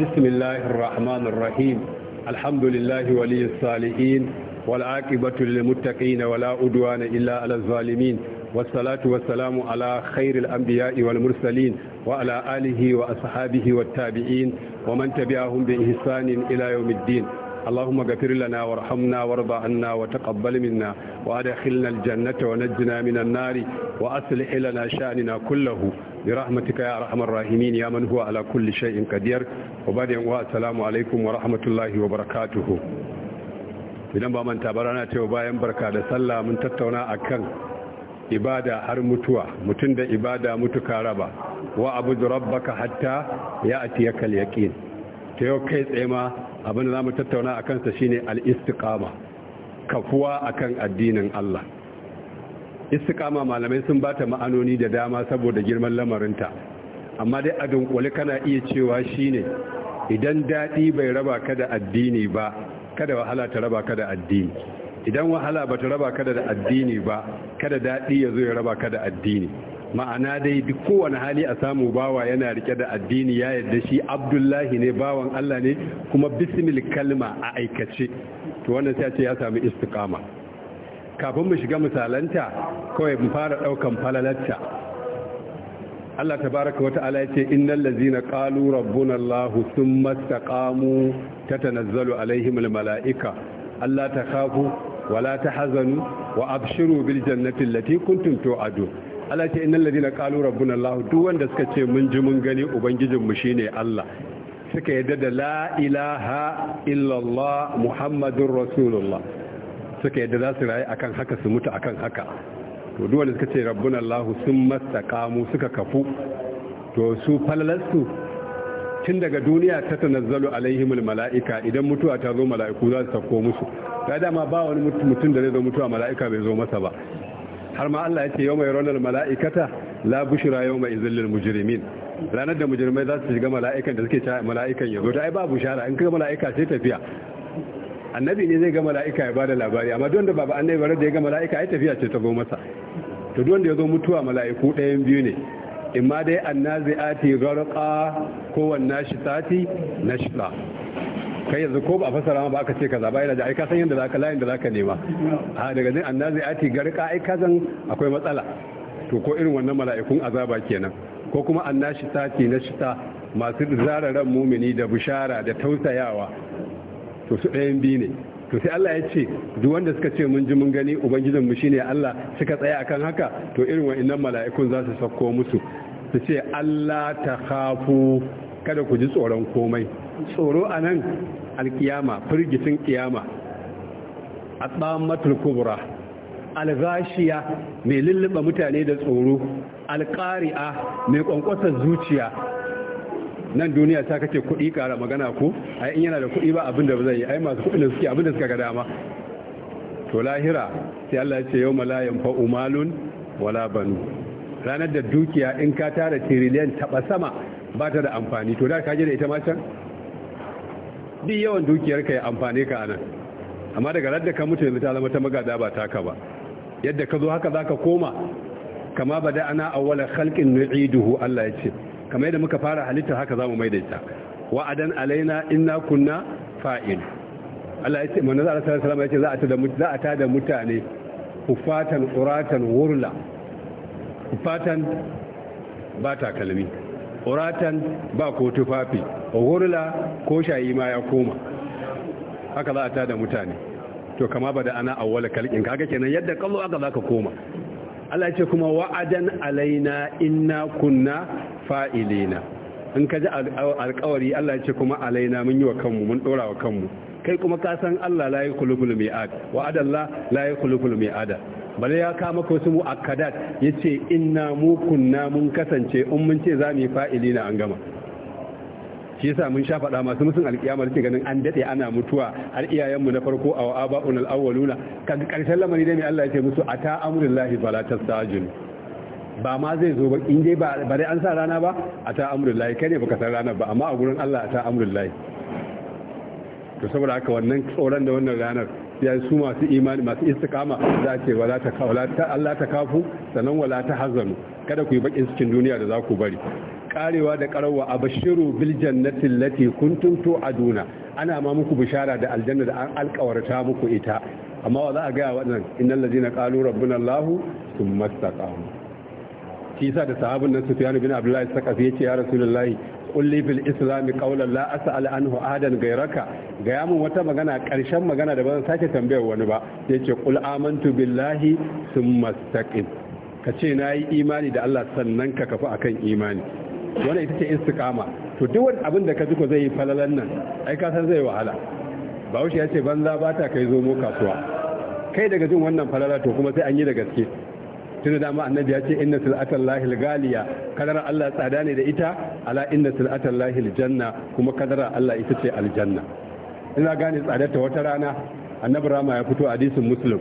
بسم الله الرحمن الرحيم الحمد لله ولي الصالحين والعاقبة للمتقين ولا أدوان إلا على الظالمين والصلاة والسلام على خير الأنبياء والمرسلين وعلى آله وأصحابه والتابعين ومن تبعهم بإحسان إلى يوم الدين اللهم اغفر لنا وارحمنا وارض عنا وتقبل منا وادخلنا الجنة ونجنا من النار وأصلح لنا شأننا كله برحمتك يا أرحم الراحمين يا من هو على كل شيء قدير وبعد السلام عليكم ورحمة الله وبركاته idan ba manta ba rana cewa bayan barka da sallah mun tattauna akan ibada har mutuwa mutum da ibada mutuka raba wa abu rabbaka hatta ya atiyaka al-yaqin ta yau kai tsaye ma abin da za mu tattauna a kansa shine al'istiƙama kafuwa a kan addinin Allah istiƙama malamai sun bata ma'anoni da dama saboda girman lamarinta amma dai a dunkule kana iya cewa shine idan daɗi bai raba ka da addini ba kada wahala ta raba ka da addini idan wahala ba ta raba ka da addini ba kada daɗi ya zo ya raba ka da addini ma'ana dai duk kowane hali a samu bawa yana rike da addini ya yadda shi abdullahi ne bawan Allah ne kuma bismil kalma a aikace to wannan sai ce ya samu istiqama kafin mu shiga misalanta kawai mu fara daukan falalatta Allah tabaraka wa ta'ala yace innal ladzina qalu rabbuna Allah thumma istaqamu tatanazzalu alaihim almalaika ta takhafu wala tahzanu wa abshiru bil jannati allati kuntum tu'adun Allah ce innal ladina qalu rabbuna Allah duk wanda suka ce mun ji mun gani ubangijin mu shine Allah suka yadda da la ilaha illallah muhammadur rasulullah suka yadda za su rayu akan haka su mutu akan haka to duk wanda suka ce rabbuna Allah sun mastaqamu suka kafu to su falalasu tun daga duniya ta tanazzalu alaihimul mala'ika idan mutuwa ta zo mala'iku za su sauko musu ga dama ba wani mutum da zai zo mutuwa mala'ika bai zo masa ba har ma Allah ya ce yau mai ronar mala'ikata la bushira yau mai zillin mujirimin ranar da mujirmai za su shiga mala'ikan da suke ta mala'ikan ya zo ta ai ba bushara in kaga mala'ika sai tafiya annabi ne zai ga mala'ika ya bada labari amma don da ba annabi bare da ya ga mala'ika ai tafiya ce ta zo masa to don da ya zo mutuwa mala'iku ɗayan biyu ne imma dai ati gharqa ko wannashitati nashta kai yanzu ko ba a fasara ma ba aka ce kaza ba yana da ai ka san yadda zaka layin da zaka nema a daga jin annazi ati garka ai ka zan akwai matsala to ko irin wannan mala'ikun azaba kenan ko kuma annashi ke na shita masu zararen mumini da bushara da tausayawa to su ɗayan biyu ne to sai Allah ya ce duk wanda suka ce mun ji mun gani ubangijin mu shine Allah suka tsaya akan haka to irin wa'annan mala'ikun za su sako musu su ce Allah ta khafu kada ku ji tsoron komai tsoro a nan alkiyama firgitin kiyama a tsawon matulkubura mai lulluɓa mutane da tsoro alƙari'a mai ƙwanƙwasar zuciya nan duniya ta kake kuɗi ƙara magana ku ai in yana da kuɗi ba abin da ba zai yi ai masu kuɗi da suke abin da suka ga dama to lahira sai Allah ce yau malayan fa umalun wala banu ranar da dukiya in ka tara tiriliyan taɓa sama ba ta da amfani to da ka je da ita macen can duk yawan dukiyar ka ya amfani ka anan amma daga ladda ka mutu yanzu ta zama ta magada ba ka ba yadda ka zo haka za ka koma kama ba da ana awwala khalqin nu'iduhu Allah ya ce kamar yadda muka fara halitta haka zamu a wa'adan alaina inna kunna fa'il Allah ya ce manzo Allah sallallahu alaihi wasallam ya ce za a da mutane kufatan quratan wurla kufatan ba takalmi uratan ba ko tufafi hurla ko shayi ma ya koma haka za a tada mutane to kama ba da ana awwala kalkin kaga kenan yadda kallo aka za ka koma Allah ce kuma wa'adan alaina inna kunna fa'ilina in ka ji alkawari Allah ce kuma alaina mun yi wa kanmu mun dora wa kanmu kai kuma ka san Allah la yakhluqul mi'ad wa'adallah la yakhluqul mi'ada bale ya kama maka mu akadat yace inna mu kunna mun kasance in mun ce za mu yi fa'ili na an gama shi yasa mun sha faɗa masu musun alkiyama da ke ganin an dade ana mutuwa har iyayenmu na farko a wa'aba unal awwaluna kaga ƙarshen lamari dai mai Allah ya ce musu ata amrulllahi fala tastajil ba ma zai zo ba in dai ba dai an sa rana ba ata amrulllahi kai ne baka san ranar ba amma a gurin Allah ata amrulllahi to saboda haka wannan tsoron da wannan ranar ya su masu imani masu istikama za a Allah ta kafu sannan wala ta hazanu kada ku yi bakin cikin duniya da za ku bari karewa da karawa Bashiru bil jannati kuntuntu kuntum tu'aduna ana ma muku bishara da aljanna da an alkawarta muku ita amma wa za a gaya wannan innal ladina qalu rabbuna allah thumma istaqamu shi Kisa da sahabin nan sufyan bin abdullahi sakafi yace ya rasulullahi kulli fil islam qawlan la as'al anhu ahadan gairaka ga yamin wata magana karshen magana da ban sake tambayar wani ba yace qul amantu billahi thumma istaqim ka nayi imani da Allah sannan ka kafa akan imani wannan ita ce istiqama to duk wani abin da ka ji ko zai yi falalan nan ai ka san zai wahala bahaushe ya ce banza bata kai zo mu kasuwa kai daga jin wannan falala to kuma sai an yi da gaske tun da ma annabi ya ce inna sil'atan lahil galiya kadar Allah tsada ne da ita ala inna sil'atan lahil janna kuma kadar Allah ita ce aljanna ina gane ta wata rana annabi rama ya fito hadisin muslim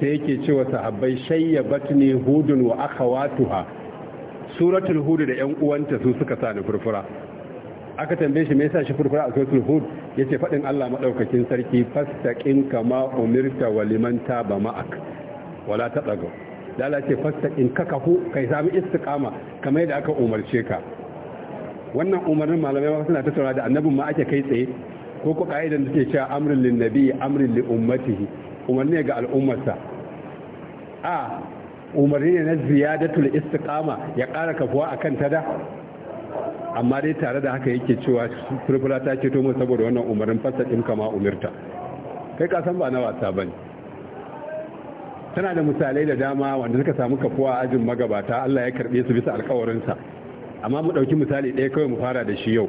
sai yake cewa sahabbai shayya batni hudun wa akhawatuha suratul hud da yan uwanta su suka sa ni furfura aka tambaye shi me yasa shi furfura a suratul hud yace fadin Allah madaukakin sarki fastaqin kama umirta waliman liman taba ma'ak wala da Allah ce fasta in ka kahu kai sami istiqama kamar yadda aka umarce ka wannan umarnin malamai ba suna tattauna da annabin ma ake kai tsaye ko ko ka'idan da ke cewa amrin lin nabi amrin li ummatihi umarni ga al'ummarsa a umarni ne na ziyadatul istiqama ya kara kafuwa akan ta da amma dai tare da haka yake cewa furfura ta to mu saboda wannan umarnin fasta in kama umirta kai ka san ba na wasa bane tana da misalai da dama wanda suka samu kafuwa ajin magabata Allah ya karbe su bisa alkawarinsa amma mu ɗauki misali ɗaya kawai mu fara da shi yau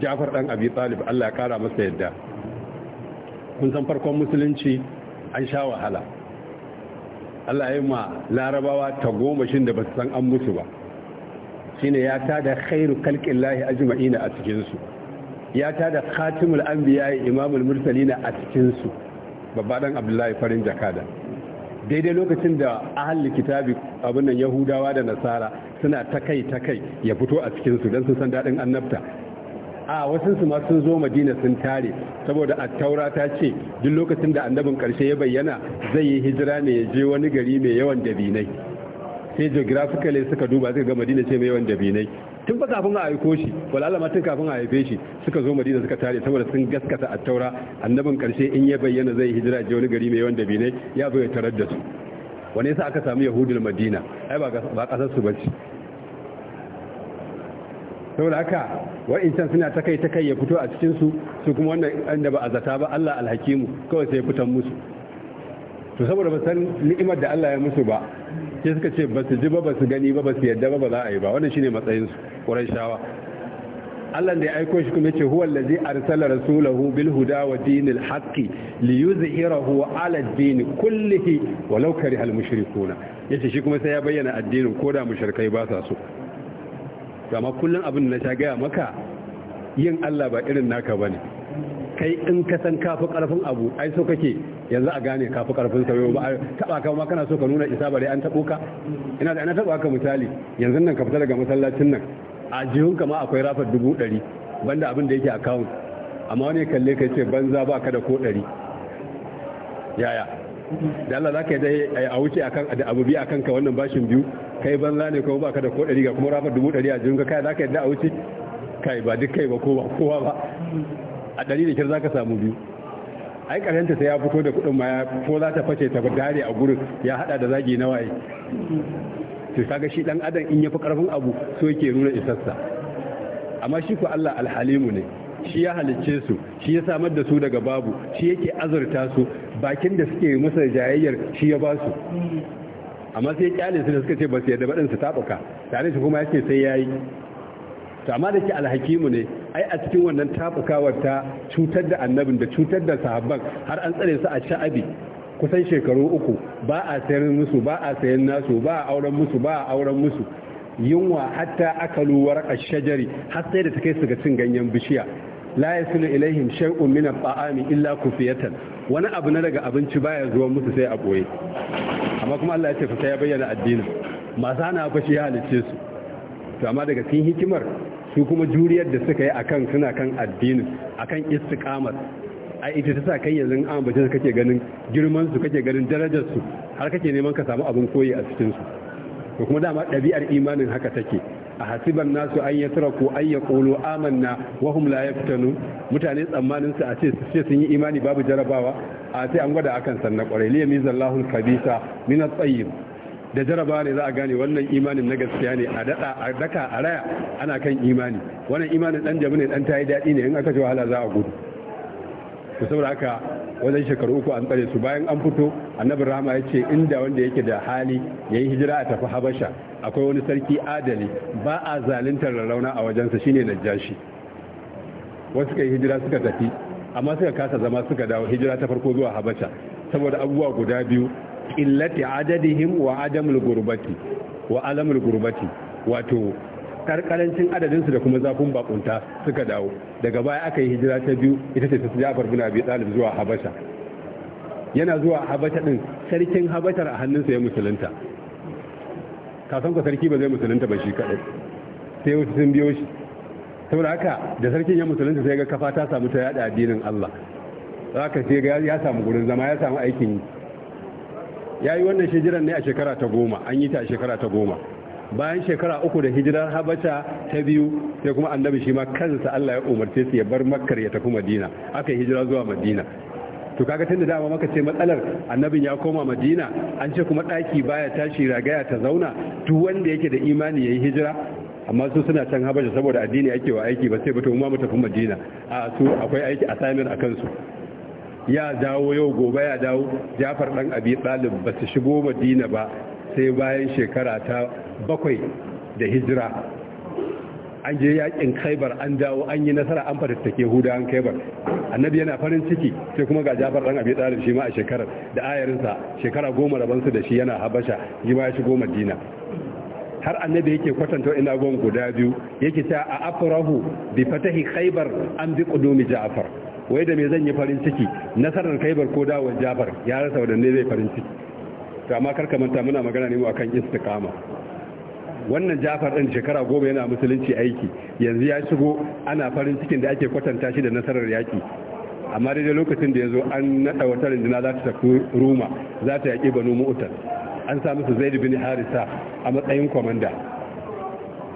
Ja'far dan Abi Talib Allah ya kara masa yadda kun san farkon musulunci an sha wahala Allah ya ma larabawa ta goma shin da basu san an musu ba shine ya tada khairu khalqillahi ajma'in a cikin su ya tada khatimul anbiya'i imamul mursalin a cikin su babba dan Abdullahi farin jakada daidai lokacin da ahal kitabi abin nan yahudawa da nasara suna ta kai ta kai ya fito a cikin su don sun san daɗin annabta a wasu su ma zo madina sun tare saboda attaura ta ce duk lokacin da annabin ƙarshe ya bayyana zai yi hijira ne ya je wani gari mai yawan dabinai sai geographically suka duba suka ga madina ce mai yawan dabinai tun ba kafin a aiko shi walala ma tun kafin a haife shi suka zo madina suka tare saboda sun gaskata a taura annabin karshe in ya bayyana zai hijira je wani gari mai yawan dabinai ya zo tarar da su wani yasa aka samu yahudul madina ai ba kasar su bace saboda haka wa'incan suna ta kai ta kai ya fito a cikin su kuma wanda inda ba a zata ba Allah alhakimu kawai sai ya fitan musu to saboda ba san ni'imar da Allah ya musu ba sai suka ce ba su ji ba ba su gani ba ba su yadda ba ba za a yi ba wannan shine matsayinsu shawa. Allah da ya aiko shi kuma yace huwa allazi arsala rasulahu bil huda wa dinil haqqi li yuzhirahu ala ad-din kullihi walau kariha al mushrikuna yace shi kuma sai ya bayyana addinin koda mushrikai ba sa so amma kullun abin da na sha gaya maka yin Allah ba irin naka bane kai in ka san kafi karfin abu ai so kake yanzu a gane kafi karfin sauyo ba a taba ka ma kana so ka nuna isa bare an tabo ka ina da ina taba ka misali yanzu nan ka fita daga masallacin nan a jihun ka ma akwai rafar dubu ɗari banda abin da yake account amma wani kalle ka ce banza ba ka da ko ɗari yaya da Allah za ka yi a wuce akan da abu biyu akan ka wannan bashin biyu kai banza ne kuma ba ka da ko ɗari ga kuma rafar dubu ɗari a jihun ka kai za ka da a wuce kai ba duk kai ba ko ba kowa ba a ɗari da kyar za ka samu biyu ai karanta sai ya fito da kudin ma ya ko za ta face ta dare a gurin ya hada da zagi na waye to kaga shi dan adam in ya yafi karfin abu so yake nuna isarsa amma shi ko Allah alhalimu ne shi ya halicce su shi ya samar da su daga babu shi yake azurta su bakin da suke masa jayayyar shi ya ba su amma sai kyale su da suka ce ba su yadda baɗin su tabuka tare su kuma yake sai yayi to amma da ke alhakimu ne ai a cikin wannan tafukawar ta cutar da annabin da cutar da sahabban har an tsare su a sha'abi kusan shekaru uku ba a sayar musu ba a sayan nasu ba a auren musu ba a auren musu yunwa hatta akalu warqa shajari har sai da take su ga cin ganyen bishiya la yasilu ilaihim shay'un min al taami illa kufiyatan wani abu na daga abinci baya zuwa musu sai a boye amma kuma Allah ya ce fa sai ya bayyana addinin masu hana fashi ya halicce su to amma daga cikin hikimar su kuma juriyar da suka yi a kan suna kan addinin kan istikamar. a ita ta sa kai yanzu an bace su kake ganin girman su kake ganin darajar su har kake neman ka samu abin koyi a cikin su to kuma dama ɗabi'ar imanin haka take a hasiban nasu an ya tura ko an ya kolo amanna wahum la yaftanu mutane tsammanin su a ce su ce sun yi imani babu jarabawa a sai an gwada akan sannan kwarai liyami zallahu kabisa min at-tayyib da jaraba ne za a gane wannan imanin na gaskiya ne a dada a daka a raya ana kan imani wannan imanin dan jabi ne dan tayi dadi ne in aka ji wahala za a gudu to saboda haka wajen shekaru uku an tsare su bayan an fito annabi rahama ya ce inda wanda yake da hali ya yi hijira a tafi habasha akwai wani sarki adali ba a zaluntar rarrauna a wajensa shine najjashi wasu kai hijira suka tafi amma suka kasa zama suka dawo hijira ta farko zuwa habasha saboda abubuwa guda biyu illati adadihim wa adamul gurbati wa alamul gurbati wato karkarancin adadinsu da kuma zafin bakunta suka dawo daga baya aka yi hijira ta biyu ita ce ta Ja'far bin Abi Talib zuwa Habasha yana zuwa Habasha din sarkin Habashar a hannunsa ya musulunta ka san ko sarki ba zai musulunta ba shi kadai sai wasu sun biyo shi saboda haka da sarkin ya musulunta sai ga kafa ta samu ta yada addinin Allah haka sai ga ya samu gurin zama ya samu aikin ya yi wannan hijiran ne a shekara ta goma an yi ta a shekara ta goma bayan shekara uku da hijirar habasha ta biyu sai kuma annabi shi ma kansa Allah ya umarce su ya bar makkar ya tafi madina aka yi hijira zuwa madina to kaga tun da dama maka ce matsalar annabin ya koma madina an ce kuma ɗaki baya tashi ragaya ta zauna duk wanda yake da imani ya yi hijira amma su suna can habasha saboda addini ake wa aiki ba sai ba to mu tafi madina a su akwai aiki assignment a kansu ya dawo yau gobe ya dawo jafar dan abi dalib ba su shigo madina ba sai bayan shekara ta bakwai da hijira an je yakin Kaibar an dawo an yi nasara an fatattake huda an Kaibar annabi yana farin ciki sai kuma ga jafar dan abi dalib shi ma a shekarar da ayarinsa shekara goma su da shi yana habasha yi ba ya shigo madina har annabi yake kwatanta ina gon guda biyu yake ta a afrahu bi fatahi khaybar an bi qudumi ja'far wai da me zan yi farin ciki nasarar kaibar ko dawowar jafar ya rasa wadanne zai farin ciki to amma kar ka manta muna magana ne akan istiqama wannan jafar ɗin shekara goma yana musulunci aiki yanzu ya shigo ana farin cikin da ake kwatanta shi da nasarar yaki amma dai-dai lokacin da ya an naɗa wata rinduna za ta tafi roma za ta yaƙi banu mu'tar an samu su zaid bin harisa a matsayin kwamanda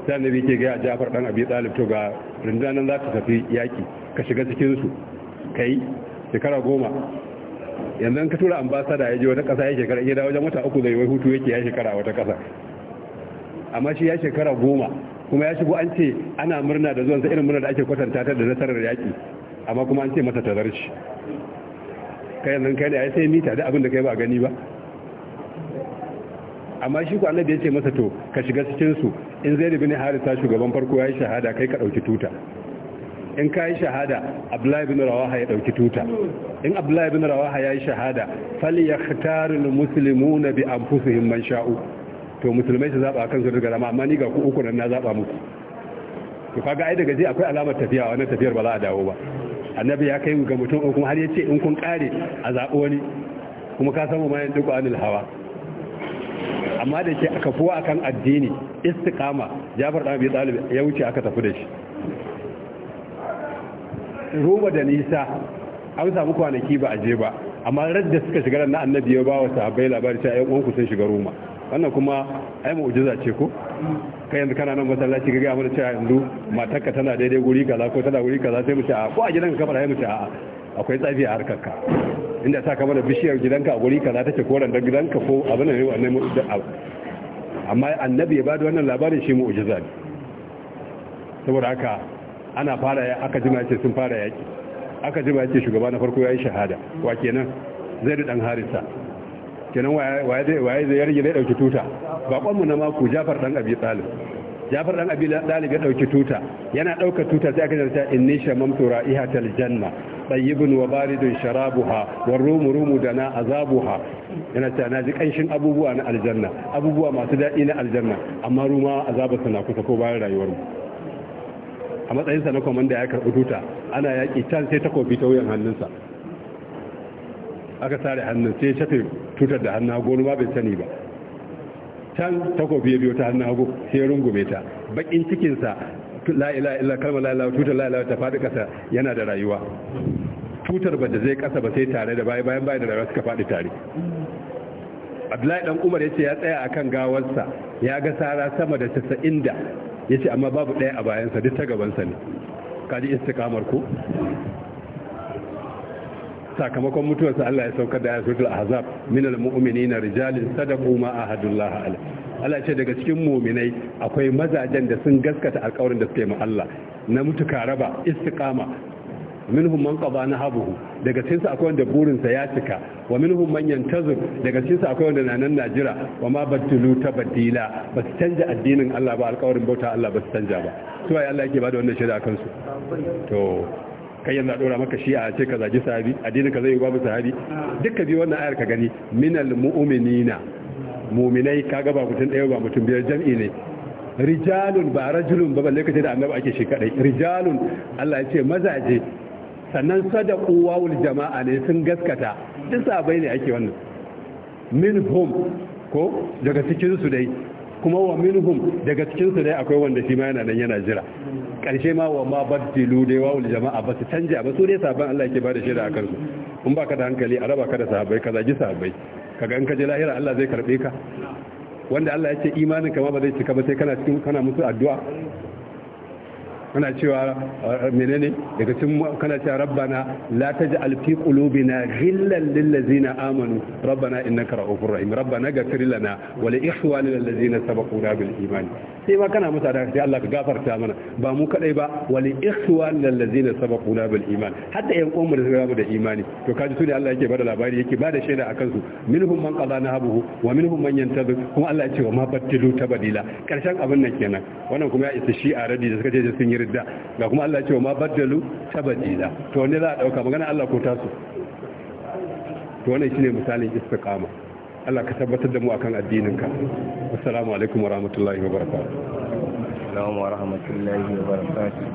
sai annabi ke gaya jafar dan abi talib to ga rinduna nan za ta tafi yaki ka shiga cikin su kai shekara goma yanzu ka tura ambasada ya je wata kasa ya shekara ya wajen wata uku zai wai hutu yake ya shekara wata kasa amma shi ya shekara goma kuma ya shigo an ce ana murna da zuwansa irin murna da ake kwatanta ta da nasarar yaƙi amma kuma an ce mata ta zarci kai yanzu kai ne ai sai mita da abin da kai ba gani ba amma shi ku annabi ya ce masa to ka shiga cikin su in zai bin harisa shugaban farko ya yi shahada kai ka ɗauki tuta in ka yi shahada abdullahi bin rawaha ya dauki tuta in abdullahi bin rawaha ya yi shahada falyaktarul muslimuna bi anfusihim man sha'u to musulmai su zaba kansu daga rama amma ni ga ku uku nan na zaba musu to kaga ai daga je akwai alamar tafiya wannan tafiyar ba za a dawo ba annabi ya kai ga mutum kuma har yace in kun kare a zabo wani kuma ka samu mayan duk anil hawa amma da ke aka fuwa akan addini istiqama Jafar dan bi Talib ya wuce aka tafi da shi roba da nisa an samu kwanaki ba a je ba amma radda suka shiga na annabi ya ba wa sahabbai labari cewa ƴan uwanku sun shiga roma wannan kuma ai mu'jiza ce ko kai yanzu kana nan masallaci kaga amma cewa yanzu matarka tana daidai guri kaza ko tana guri kaza sai mu ce a ko a gidanka kamar ai mu ce a akwai tsafi a harkar ka inda ta kama da bishiyar gidanka a guri kaza take koran da gidanka ko abin da ne wannan amma annabi ya ba da wannan labarin shi mu'jiza ne saboda haka ana fara aka jima ce sun fara yaki aka jima ce shugaba na farko yi shahada wa kenan zai da dan harisa kenan waye waye zai yarge zai dauki tuta bakon mu na maku Jafar dan Abi Talib Jafar dan Abi Talib ya dauki tuta yana dauka tuta sai aka jarta inni iha tal janna tayyibun wa baridun sharabuha wa rumu rumu dana azabuha yana ta na ji kanshin abubuwa na aljanna abubuwa masu dadi na aljanna amma ruma azaba na kusa ko bayan rayuwar mu a matsayinsa na kwamanda ya karɓi tuta ana yaƙi can sai takobi ta wuyan hannunsa aka sare hannun sai shafe tutar da hannun hagu ma bai sani ba can takobi ya biyo ta hannun hagu sai rungume ta bakin cikinsa la'ila illa kalmar la'ila tutar la'ila ta faɗi ƙasa yana da rayuwa tutar ba da zai ƙasa ba sai tare da bayan bayan bayan da rayuwa suka faɗi tare abdullahi dan umar ya ce ya tsaya akan gawarsa ya ga sara sama da 90 da yace amma babu ɗaya a bayansa duk ta gabansa ne kaji istiqamar ku sakamakon mutuwarsa Allah ya saukar da ayatul azab min almu'minina rijalun sadaqu ma ahadullah Allah ce daga cikin muminai akwai mazajen da sun gaskata alƙawarin da suke yi ma Allah na mutuka raba istiqama minhum man qada nahabuhu daga cikin su akwai wanda burin sa ya cika wa minhum man yantazir daga cikin su akwai wanda na nan najira wa ma badulu tabdila ba su canja addinin Allah ba alƙawarin bauta Allah ba su canja ba su ai Allah yake bada wannan shaida su? to kai yanzu a dora maka shi a ce ka zaji sahabi addinin ka zai babu sahabi dukka bi wannan ayar ka gani minal mu'minina mu'minai kaga ba mutum ɗaya ba mutum biyar jam'i ne rijalun ba rajulun ba balle kace da annabi ake shi kadai rijalun Allah ya ce mazaje sannan sadaku wawul jama'a ne sun gaskata duk sabai ne ake wannan minhum ko daga cikin su dai kuma wa minhum daga cikin su dai akwai wanda shi ma yana nan yana jira karshe ma wa ma badilu dai wawul jama'a ba su canja ba su dai saban Allah yake bada shaida akan su in baka da hankali a raba ka da sabai ka zagi sahabbai kaga in ka je lahira Allah zai karbe ka wanda Allah ya ce imanin ka ma ba zai cika ba sai kana cikin kana musu addu'a kana cewa eh, menene daga cikin kana cewa rabbana la taj'al fi na ghillan lil ladzina amanu rabbana innaka ra'ufur rahim rabbana ghfir lana wa li ikhwanina alladzina sabaquna bil iman sai ma kana masa da sai Allah ka gafarta mana ba mu kadai ba wali ikhwan allazina sabaquna bil iman hatta yan uwan mu da suka da imani to kaji su ne Allah yake bada labari yake bada shaida akan su minhum man qadana habu wa minhum man yantazir kuma Allah ya ce wa ma batilu tabdila karshen abin nan kenan wannan kuma ya isa shi'a radi da suka ce sun yi ridda ga kuma Allah ya ce wa ma badalu tabdila to ne za a dauka magana Allah ko tasu to wannan shine misalin istiqama Allah ka tabbatar da mu akan addininka assalamu alaikum wa rahmatullahi wa barakatuh assalamu wa rahmatullahi wa barakatuh